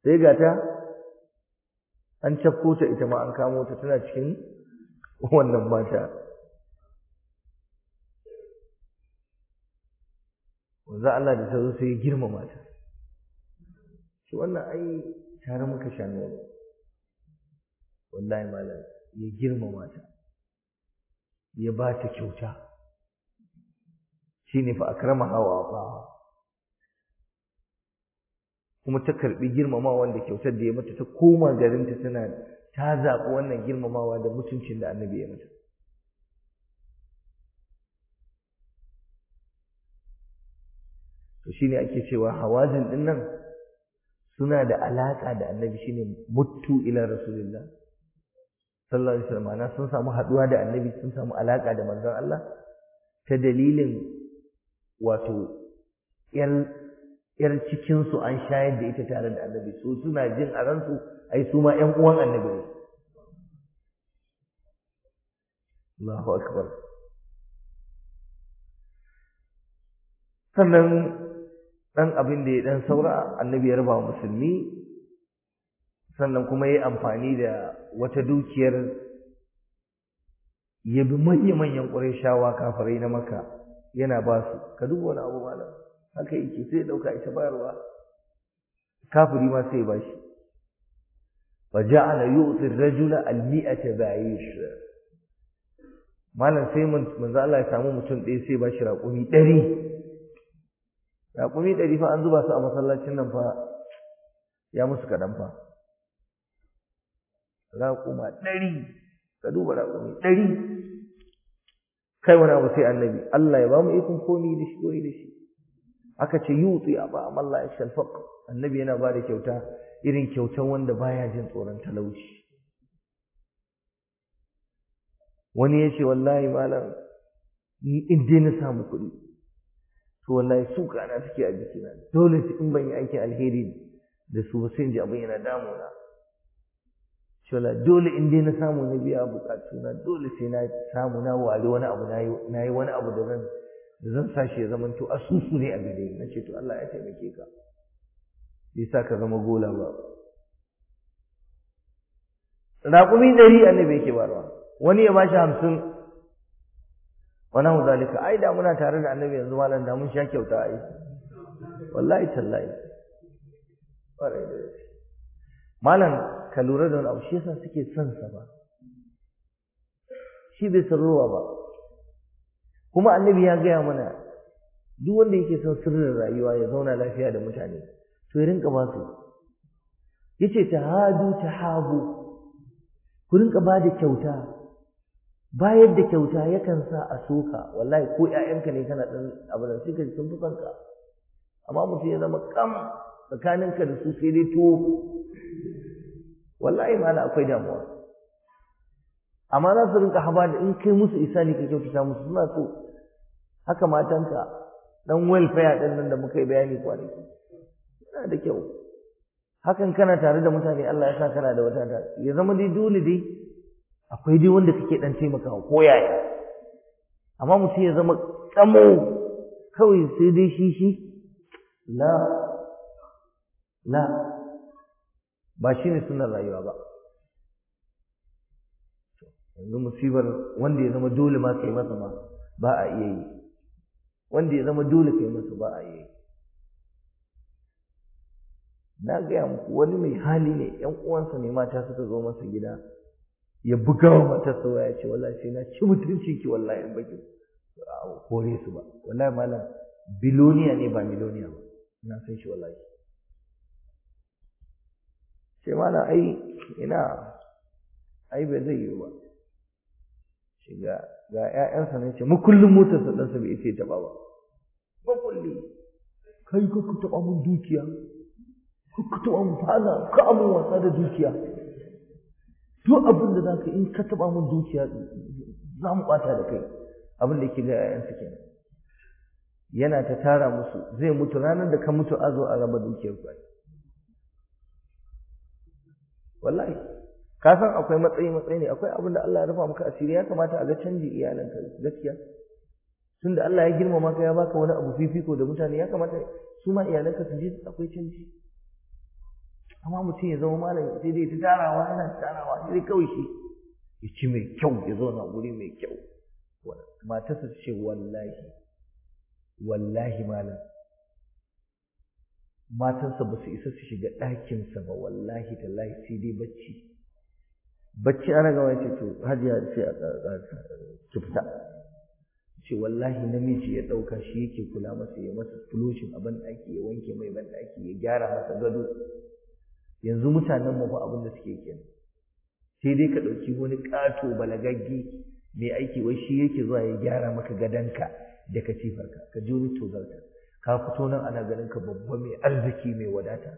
sai ga ta an cafko ta ita ma an kamo ta tana cikin wannan mata manzon Allah da ta zo sai ya girmama ta shi wannan ai tare muka shanu wallahi malam ya girmama ta ya ba ta kyauta shine fa akrama hawa fa kuma ta karbi girmamawa da kyautar da ya mata ta koma garinta tana ta zaɓi wannan girmamawa da mutuncin da annabi ya mata to shine ake cewa hawazin dinnan suna da alaka da annabi shine muttu ila rasulillah sallallahu alaihi wasallam sun samu haɗuwa da annabi sun samu alaka da manzon Allah ta dalilin wato yar yar cikin su an shayar da ita tare da annabi su suna jin a ransu ai su ma ƴan uwan annabi ne Allahu akbar sannan dan abin da ya dan saura annabi ya raba musulmi sannan kuma ya amfani da wata dukiyar ya bi manya-manyan shawa kafirai na maka yana ba su ka duba wani abu malam haka yake sai ya ɗauka ita bayarwa kafiri ma sai ya ba shi wa ja'ala yu'ti ar-rajula al-mi'ata ba'ish malam sai manzo Allah ya samu mutum ɗaya sai ba shi raƙumi ɗari raƙumi ɗari fa an zuba su a masallacin nan fa ya musu kaɗan fa raƙuma ɗari ka duba raƙumi ɗari kai wani abu sai annabi Allah ya ba mu ikon komi da shi koyi da shi aka ce yutsi a ba amalla ya shalfaq annabi yana ba da kyauta irin kyautan wanda baya jin tsoron talauci wani ya ce wallahi malam in dai na samu kuɗi to wallahi su kana suke a jikina dole in ban yi aikin alheri da su ba sai ji abin yana damuna shola dole in dai na samu na biya bukatu na dole sai na samu na ware wani abu na yi wani abu da zan da zan ya zama to asusu ne a gare na ce to Allah ya taimake ka bai sa ka zama gola ba raƙumi ɗari annabi yake barwa wani ya bashi hamsin wani hau zalika ai da muna tare da annabi yanzu malam da mun sha kyauta ai wallahi tallahi malam ka lura da wani abu shi yasa suke son sa ba shi bai san ruwa ba kuma annabi ya gaya mana duk wanda yake son sirrin rayuwa ya zauna lafiya da mutane to ya rinka ba su hadu ta ku rinka ba da kyauta bayar da kyauta yakan sa a soka wallahi ko 'ya'yanka ne kana dan abu da suka sun fi kanka amma mutum ya zama kam tsakaninka da su sai dai tuwo wallahi ma akwai damuwa amma za su rinka haba da in kai musu isa ne ka kyautata musu suna so haka matanka dan welfare din nan da muka yi bayani kwanaki yana da kyau hakan kana tare da mutane Allah ya sa kana da wata ta ya zama dai dole dai akwai dai wanda kake dan taimakawa ko yaya amma mutum ya zama kamo kawai sai dai shi shi la ba shi ne sunan rayuwa ba yanzu musibar wanda ya zama dole ma kai masa ma ba a iya yi wanda ya zama dole kai masa ba a iya yi na gaya muku wani mai hali ne yan uwansa ne mata suka zo masa gida ya buga wa matarsa waya ce wallahi sai na ci mutunci ki wallahi in baki kore su ba wallahi malam biloniya ne ba miloniya ba na san shi wallahi ce mana ai ina ai bai zai yi ba shiga ga ƴaƴansa ne ce mu kullum motarsa ɗansa bai ita taɓa ba ba kulli kai ka ku taɓa mun dukiya ka ku taɓa mun fana ka abun wasa da dukiya duk abin da za ka in ka taɓa mun dukiya za mu ɓata da kai abin da yake ga ƴaƴansa kenan yana ta tara musu zai mutu ranar da ka mutu a zo a raba dukiyar ku wallahi ka san akwai matsayi matsayi ne akwai abin da Allah ya rufa maka asiri ya kamata a ga canji iyalanka gaskiya tunda Allah ya girmama ka ya baka wani abu fifiko da mutane ya kamata su ma iyalanka su ji akwai canji amma mutum ya zama malam sai dai ta tarawa yana tarawa sai kawai shi ya ci mai kyau ya zo na guri mai kyau matarsa ta ce wallahi wallahi malam matansa ba su isa su shiga ɗakinsa ba wallahi lahi sai dai bacci bacci ana gama ce to hajiya sai a ki fita ce wallahi namiji ya ɗauka shi yake kula masa ya masa fuloshin a banɗaki ya wanke mai banɗaki ya gyara masa gado yanzu mutanen mu fa abin da suke kenan sai dai ka ɗauki wani ƙato balagaggi mai aiki wai shi yake zuwa ya gyara maka gadonka da katifarka ka ji wani tozarta ka fito nan ana ganin ka babba mai arziki mai wadata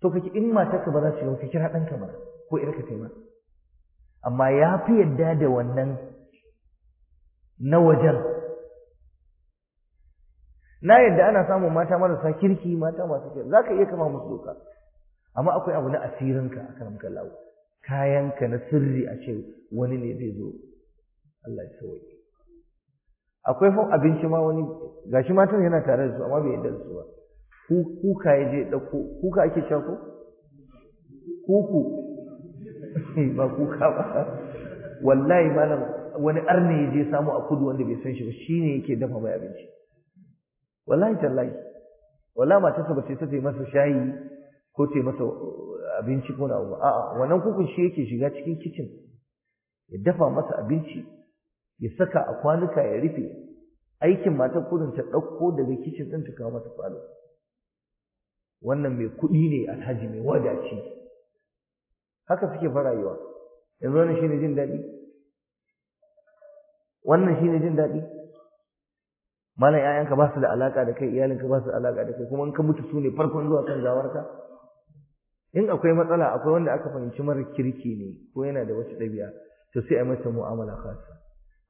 to kake in ka ba za su shiga ka kira ɗanka ba ko irka ka taima amma ya fi yadda da wannan na wajen na yadda ana samun mata marasa kirki mata masu kirki za ka iya kama musu doka amma akwai abu na asirinka a kan kayan kayanka na sirri a ce wani ne zai zo Allah ya sauke akwai fa abinci ma wani gashi matan yana tare da su amma bai yadda da su ba kuka ya je dauko kuka ake sha ko kuku ba kuka ba wallahi malam wani arne ya je samu a kudu wanda bai san shi ba shine yake dafa mai abinci wallahi tallahi wallahi matarsa ba ce ta ce masa shayi ko ce masa abinci ko na a'a wannan kukun shi yake shiga cikin kicin ya dafa masa abinci ya saka a kwanuka ya rufe aikin matar kudin ta ɗauko daga kicin ɗin ta kawo mata falo wannan mai kuɗi ne alhaji mai wadaci haka suke fara yiwa. yanzu wannan shine jin daɗi wannan shine jin daɗi malam ƴaƴanka ba su da alaka da kai iyalinka ba su da alaka da kai kuma in ka mutu su ne farkon zuwa kan zawarka in akwai matsala akwai wanda aka fahimci mara kirki ne ko yana da wata ɗabi'a to sai a masa mu'amala khasa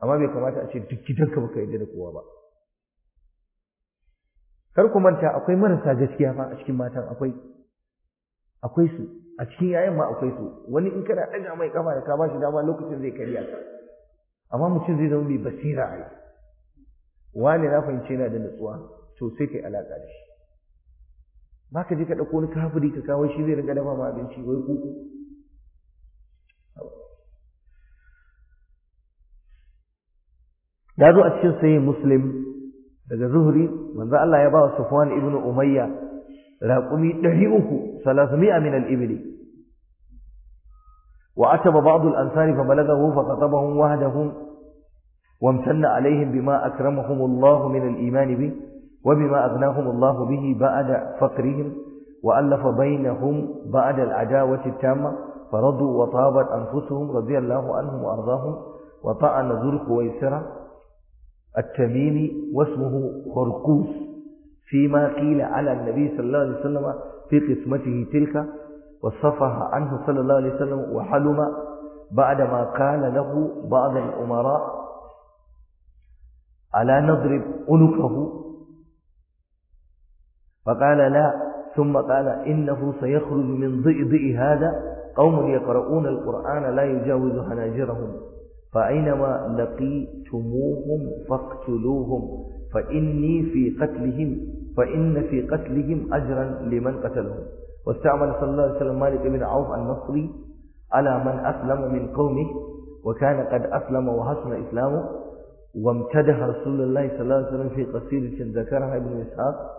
amma bai kamata a ce duk gidanka baka yarda da kowa ba kar ku manta akwai marasa gaskiya ma a cikin matan akwai akwai su a cikin yayan ma akwai su wani in kana ɗaga mai kama da ka bashi dama lokacin zai karya ka amma mutum zai zama mai basira ai wani na fahimci yana da nutsuwa to sai kai alaƙa da shi ba ka je ka ɗauko wani kafiri ka kawo shi zai riga dafa ma abinci wai kuku da zo a cikin sai muslim daga zuhri manzo Allah ya ba wa sufwan ibnu umayya raqumi 300 300 min al-ibli wa ataba ba'd al-ansar fa balagahu fa qatabahum wahdahum وامتن عليهم بما أكرمهم الله من الإيمان به وبما أغناهم الله به بعد فقرهم وألف بينهم بعد العداوة التامة فرضوا وطابت أنفسهم رضي الله عنهم وأرضاهم وطعن ذو القويسرة التميمي واسمه خرقوس فيما قيل على النبي صلى الله عليه وسلم في قسمته تلك وصفها عنه صلى الله عليه وسلم وحلم بعدما قال له بعض الأمراء ألا نضرب أنكه فقال لا ثم قال إنه سيخرج من ضئضئ هذا قوم يقرؤون القرآن لا يجاوز حناجرهم فأينما لقيتموهم فاقتلوهم فإني في قتلهم فإن في قتلهم أجرا لمن قتلهم واستعمل صلى الله عليه وسلم مالك بن عوف النصري على من أسلم من قومه وكان قد أسلم وحسن إسلامه وامتدح رسول الله صلى الله عليه وسلم في قصيدة ذكرها ابن إسحاق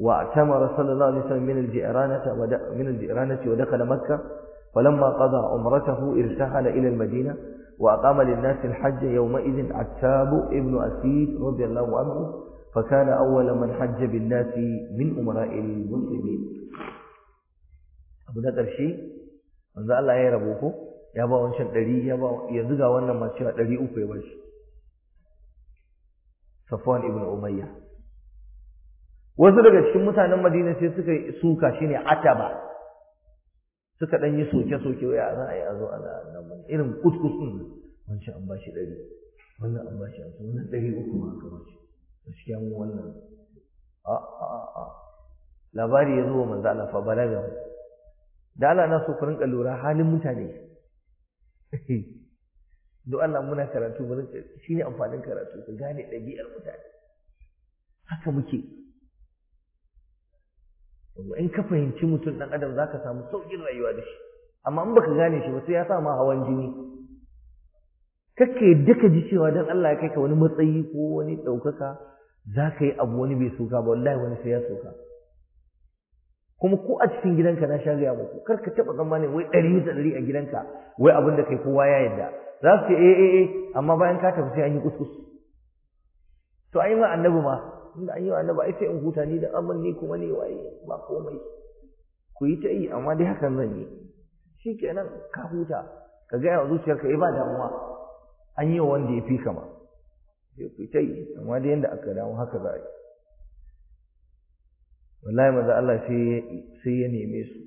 واعتمر صلى الله عليه وسلم من الجئرانة من الجئرانة ودخل مكة فلما قضى عمرته ارتحل إلى المدينة وأقام للناس الحج يومئذ عتاب ابن أسيد رضي الله عنه فكان أول من حج بالناس من أمراء المسلمين أبو ذكر شيء من الله يرى بوكو يا با وان شان يا با يذغا وانا ما شاء دري أوكي باش صفوان ابن أمية وزرق الشمتان المدينة سيسكي سوكا شيني عتبا suka dan yi soke-soke waya za a yi a zo ana nan irin kuskus din wancan an bashi ɗari wannan an bashi hamsin wannan ɗari uku ma aka bashi gaskiya mu wannan a a a labari ya zo wa manzo Allah fa balaga da Allah na so ku rinka lura halin mutane Do Allah muna karatu mu rinka shine amfanin karatu ka gane ɗabi'ar mutane haka muke in ka fahimci mutum ɗan adam za ka samu sauƙin rayuwa da shi amma in baka gane shi ba sai ya sa ma hawan jini kakka yadda ka ji cewa dan Allah ya kai ka wani matsayi ko wani ɗaukaka za ka yi abu wani bai soka ba wallahi wani sai ya soka kuma ko a cikin gidanka na sha gaya muku kar ka taɓa tsammanin wai ɗari da ɗari a gidanka wai abin da kai kowa ya yadda za su ce eh, eh, eh amma bayan ka tafi sai an yi kuskus to ai ma annabi ma tunda an yi wa annaba ai sai in huta ni da amman ni kuma ne waye ba komai ku yi ta yi amma dai hakan zan yi Shi kenan ka huta ka ga yawa zuciyarka eh ba damuwa an yi wa wanda ya fi kama sai ku ta yi amma dai yanda aka dawo haka za a yi wallahi maza Allah sai ya neme su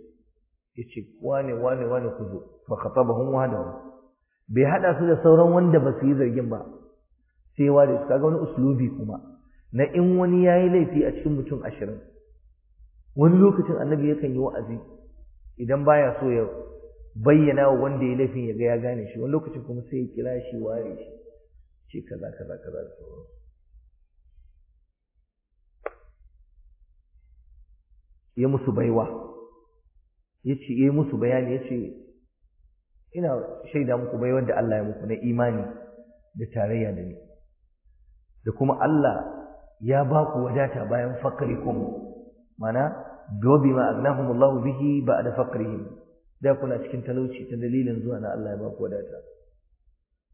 ya ce wane wane wane ku zo fa khatabahum wahdahu bai hada su da sauran wanda ba su yi zargin ba sai wale su kaga wani uslubi kuma na in wani ya yi laifi a cikin mutum ashirin wani lokacin annabi yakan yi wa'azi idan baya so ya bayyana wa wanda ya laifin ya ga ya gane shi wani lokacin kuma sai ya kira shi ware shi ce kaza kaza kaza da sauran ya musu baiwa ya ce ya musu bayani ya ce ina shaida muku baiwar da Allah ya muku na imani da tarayya da ni da kuma Allah ya ba ku wadata bayan fakarikum mana dobi ma agnahum Allah bihi ba da fakarihim da kuna cikin talauci ta dalilin zuwa na Allah ya ba ku wadata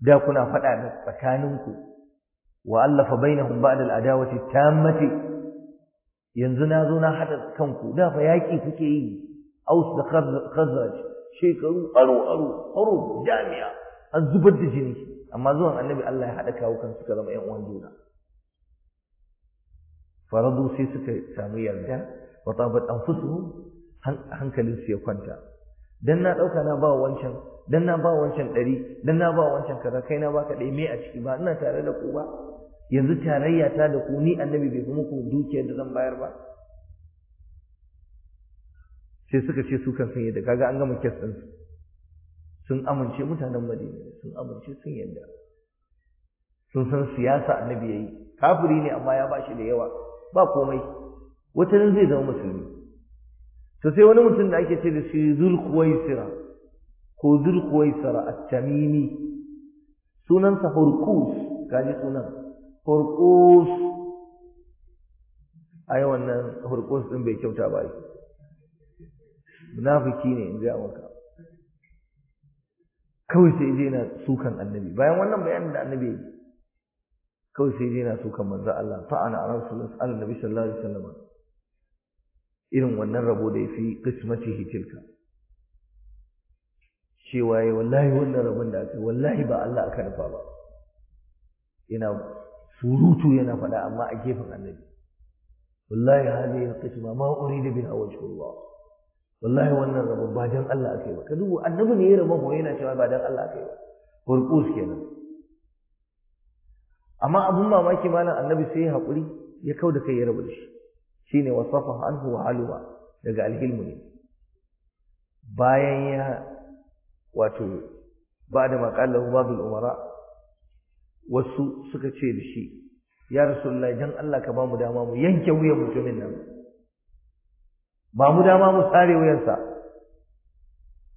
da kuna faɗa da tsakaninku wa allafa bainahum ba'da al tammati yanzu na zo na hada kanku da fa yaki kuke yi aus da khazraj shekaru aro aro aro jami'a an zubar da jini amma zuwan annabi Allah ya hada kawo kan suka zama ƴan uwan juna faradu sai suka samu yarda wa tabat anfusuhum hankalin su ya kwanta dan na dauka na ba wancan dan na ba wancan dari dan na ba wancan kaza kai na baka dai me a ciki ba ina tare da ku ba yanzu tarayya ta da ku ni annabi bai kuma ku dukiyar da zan bayar ba sai suka ce su kan yadda kaga an gama kes din sun amince mutanen Madina sun amince sun yadda sun san siyasa annabi yayi kafiri ne amma ya bashi da yawa ba komai wata zai zama musulmi to sai wani mutum da ake ce da shi zulkuwaisira ko zulkuwaisira at-tamimi sunansa hurkus kaji sunan hurkus ai wannan hurkus din bai kyauta ba munafiki ne in ji maka kawai sai je na sukan annabi bayan wannan bayanin da annabi kawai sai dai na sukan manzo Allah fa'ana a rasulun tsarin nabi sallallahu alaihi wasallam irin wannan rabo da ya fi kismatihi tilka cewa ya wallahi wannan rabon da aka wallahi ba Allah aka nufa ba yana surutu yana faɗa amma a gefen annabi wallahi hadi ya kisma ma urida biha wajhullah wallahi wannan rabon ba dan Allah aka yi ba ka duba annabi ne ya rabon ko yana cewa ba dan Allah aka yi ba kurkus kenan amma abin mamaki malam annabi sai ya haƙuri ya kau da kai ya rabu da shi Shi ne wasafa anhu wa alwa daga alhilmu ne bayan ya wato ba da maƙalar babul umara wasu suka ce da shi ya rasulullahi jan Allah ka ba mu dama mu yanke wuyan mutumin nan ba mu dama mu sare wuyansa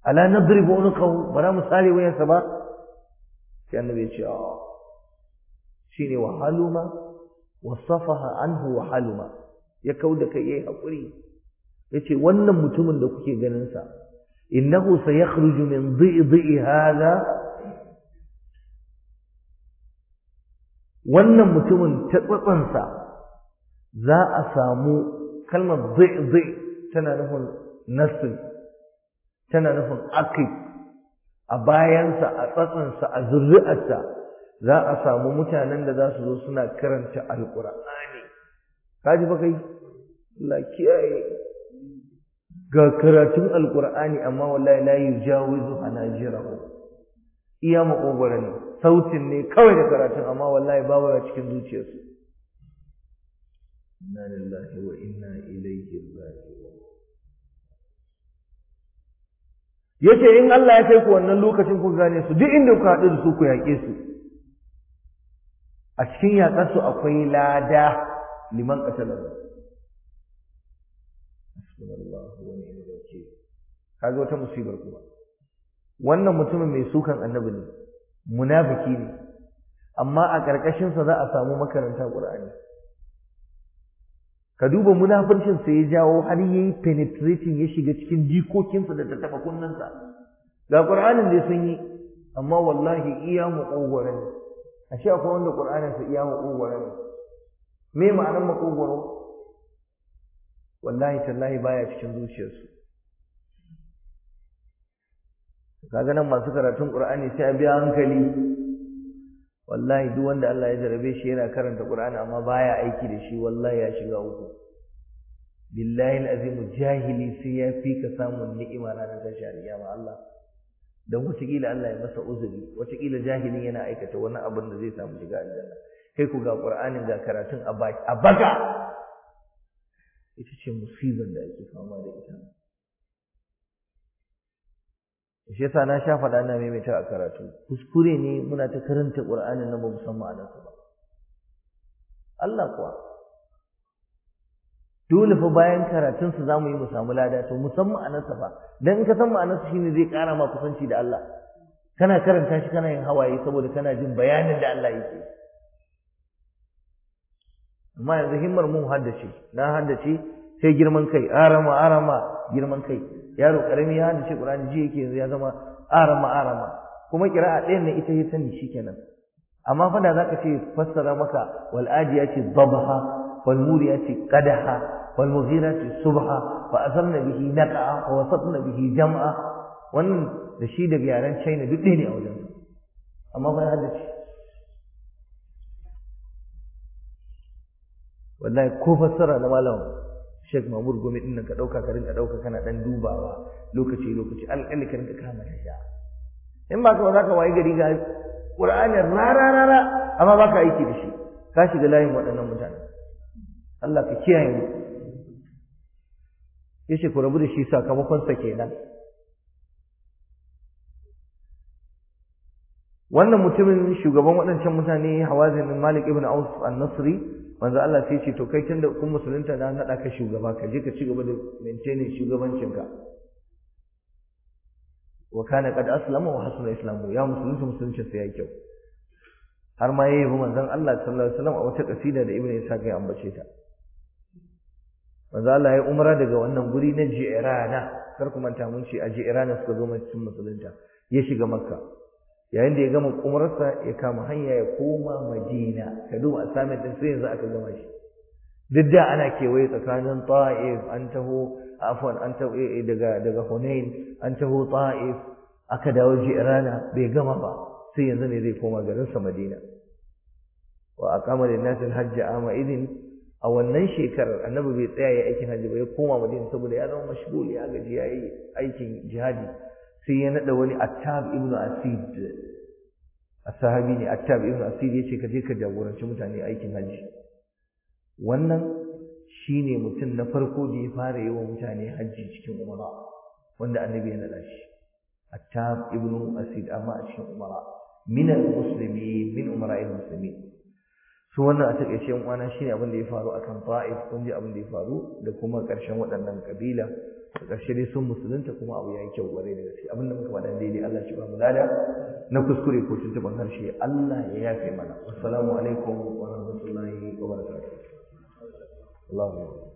ala nadribu unqahu bara mu sare wuyansa ba sai annabi ya ce a'a shine wa haluma wasafaha anhu wa haluma ya kauda kai yayi hakuri yace wannan mutumin da kuke ganin sa innahu sayakhruju min dhi'i hadha wannan mutumin tatsatsansa za a samu kalmar dhi'i tana nufin nasl tana nufin akid a bayansa a tsatsansa a zurri'arsa za a samu mutanen da za su zo suna karanta alƙur'ani ka ji kai la kiyaye ga karatun alƙur'ani amma wallahi la yujawizu hanajirahu iya makogwara ne sautin ne kawai da karatun amma wallahi babu a cikin zuciyarsu inna lillahi wa inna ilaihi raji'un yace in Allah ya kai ku wannan lokacin ku gane su duk inda ku haɗu da su ku yaƙe su a cikin yatsar su akwai lada liman ƙasalar kaga ta musibar kuma wannan mutumin mai sukan annabi ne munafiki ne amma a ƙarƙashinsa za a samu makaranta ƙur'ani ka duba munafircin sa ya jawo har yayi penetrating ya shiga cikin jikokinsa da tattafa kunnansa ga ƙur'anin da sun yi amma wallahi iya mu ne ashe akwai wanda ƙur'ani su iya makogoro me ma'anar makogoro wallahi tallahi baya cikin zuciyarsu kaga nan masu karatun ƙur'ani sai a biya hankali wallahi duk wanda Allah ya jarabe shi yana karanta ƙur'ani amma baya aiki da shi wallahi ya shiga uku billahi azimu, jahili sai ya fi ka samun ni'ima ranar tashi alƙiyama Allah don wataƙila Allah ya masa uzuri wataƙila jahilin yana aikata wani abin da zai samu shiga aljanna kai ku ga ƙur'ani ga karatun a baga ita ce musibar da ake fama da ita shi yasa na sha faɗa na maimaita a karatu kuskure ne muna ta karanta ƙur'anin na ba mu san ma'anarsa ba Allah kuwa dole fa bayan karatun su zamu yi mu samu lada to musamman nasa fa dan in ka san ma'anarsa shine zai kara ma kusanci da Allah kana karanta shi kana yin hawaye saboda kana jin bayanin da Allah yake amma yanzu himmar mun haddace na haddace sai girman kai arama arama girman kai yaro karami ya haddace Qur'ani ji yake yanzu ya zama arama arama kuma kira'a ɗayan ne ita ya sani kenan. amma fa da zaka ce fassara maka wal ajiya ce wal muriyati qadaha والمغيرة الصبح وأثرن به نقع ووسطن به جمع wannan da shi da yaren China duk ɗaya ne a wajen amma ba ya halarci wallahi ko fassara na malam Sheikh Mahmud Gome din nan ka ɗauka ka rinka ɗauka kana ɗan dubawa lokaci lokaci alƙalli ka rinka kama ta sha in ba ka ba za ka wayi gari ga Qur'ani rara rara amma ba ka aiki da shi ka shiga layin waɗannan mutane Allah ka kiyaye mu yace ku rabu da shi sakamakonsa kenan wannan mutumin shugaban waɗancan mutane hawazin din malik ibn aus an-nasri manzo Allah sai ce to kai tunda kun musulunta na nada ka shugaba ka je ka ci gaba da maintaining shugabancinka wa kana qad aslama wa hasuna islamu ya musulunta musuluncin sa yayi kyau har ma yayi manzon Allah sallallahu alaihi wasallam a wata kasida da ibn isa ya ambace ta manzo Allah ya umra daga wannan guri na Jirana kar ku manta mun ce a Jirana suka zo cikin musulunta ya shiga Makka yayin da ya gama umrarsa ya kama hanya ya koma Madina ka duba sami din sai yanzu aka gama shi duk da ana kewaye tsakanin Ta'if an taho afwan an taho eh, eh, daga daga Hunain an taho Ta'if aka dawo Jirana bai gama ba sai yanzu ne zai koma garinsa Madina wa aqama lin-nasi al-hajj ama idin a wannan shekarar annabi bai tsaya ya aikin hajji ba ya koma madina saboda ya zama mashgul ya gaji ya yi aikin jihadi sai ya nada wani attab ibnu asid sahabi ne attab ibnu asid ya ce ka je ka jagoranci mutane aikin hajji wannan shine mutum na farko da ya fara yi wa mutane hajji cikin umara wanda annabi ya naɗa shi attab ibnu asid amma a cikin umara min al-muslimin min al muslimin su wannan a takaice uwana shine abin da ya faru akan Ta'if kun ji abin da ya faru da kuma ƙarshen waɗannan kabila da ƙarshe dai sun musulunta kuma abu yayi kyau gare da gaske abin da muka faɗa daidai Allah shi ba mu lada na kuskure ko tuntuban harshe Allah ya yafe mana assalamu alaikum wa rahmatullahi wa barakatuh Allahumma